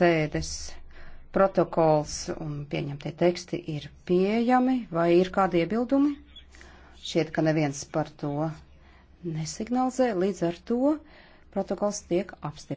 sēdes protokols un pieņemtie teksti ir pieejami, vai ir kādi iebildumi? Šķiet, ka neviens par to nesignalizē, līdz ar to protokols tiek apstiprināts.